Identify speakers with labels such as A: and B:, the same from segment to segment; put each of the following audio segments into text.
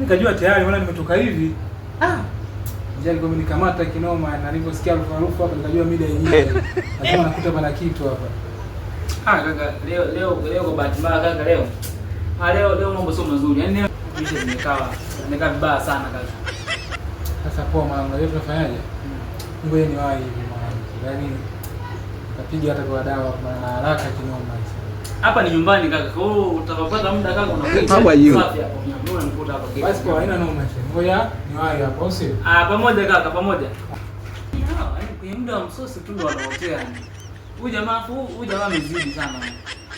A: Nikajua tayari wala nimetoka hivi. Ah. Nje alikuwa nikamata kinoma na nilivyosikia harufu harufu hapa nikajua mida yenyewe. Lakini nakuta bana kitu hapa.
B: Ah, kaka leo leo leo kwa bahati mbaya kaka leo. Ah, leo leo mambo sio mazuri. Yaani hizo nimekaa nimekaa vibaya sana kaka.
A: Sasa poa maana leo tunafanyaje? Hmm. Ngoja ni wahi hivi maana. Yaani kapiga hata kwa dawa maana haraka kinoma
B: Hapa ni nyumbani kaka. Kwa hiyo utakapata muda kaka
A: unakuja. Hapa hiyo unanikuta hapa kitu. Basi kwa haina noma shee. Ngoja niwahi hapa au sio? Ah,
B: pamoja kaka, pamoja. Eh, kwa muda wa msosi tu ndo wanaotea. Huyu jamaa huyu jamaa amezidi sana.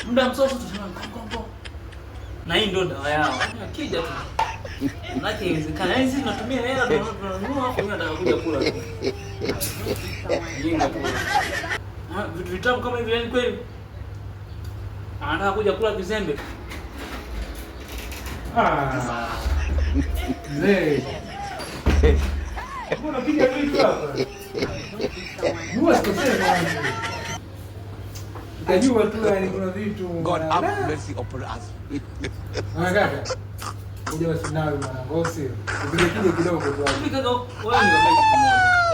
B: Muda wa msosi tunasema mkongo. Na hii ndio dawa yao. Akija tu. Maana inawezekana. Yaani sisi tunatumia hela tunanunua hapo yeye anataka kuja kula. Ah, vitu vitamu kama hivi yaani kweli. Anataka kuja kula kizembe.
A: Najua tu yani kuna
B: vitu God have mercy upon us.
A: Kuja wasinawe mwanangu, sio? Ukija kidogo
B: tu. Kaka wewe ni baba.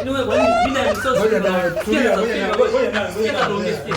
B: Anyway, kwa nini bila msosi? Ngoja na
A: tulia. Ngoja na ngoja
B: na.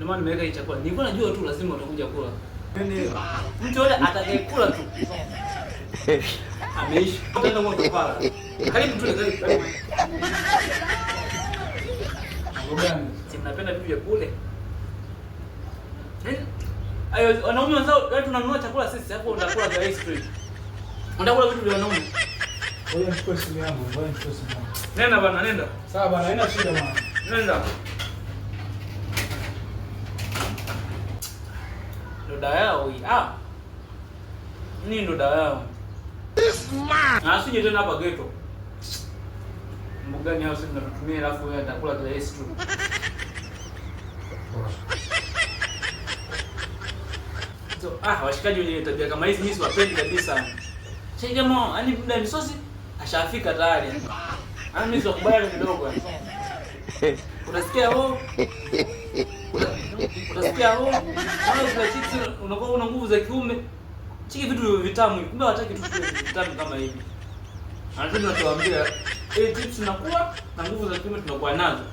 B: Ndio maana nimeweka hii chakula. Nilikuwa najua tu lazima utakuja kula. Yaani mtu yule atakayekula tu. Ameishi. Tutaenda moto pala. Karibu tu karibu. Ngoja. Si mnapenda vitu kule. Eh? Ayo, wanaume wenzao wewe yaani tunanunua chakula sisi hapo unakula vya ice cream. Unakula vitu vya
A: wanaume. Wewe mchukue simu yangu, wewe mchukue simu yangu.
B: Nenda bwana, nenda.
A: Sawa bwana, haina shida bwana.
B: Nenda. dawa yao hii. Ah. Ni ndo dawa yao? This ah, man. Na sije tena hapa ghetto. Mbugani hao sasa tunatumia alafu wewe atakula kila hisi tu. So, ah, washikaji wenye tabia kama hizi mimi siwapendi kabisa. Shikamo, ani muda ni sosi ashafika tayari. Ani ah, mimi sikubali kidogo. Unasikia ho? Unasikia ho? Unakuwa una nguvu za kiume. Chiki vitu vitamu. Kumbe hataki tu vitamu kama
A: hivi. Anataka tuwaambie,
B: eh, tips tunakuwa na nguvu za kiume tunakuwa nazo.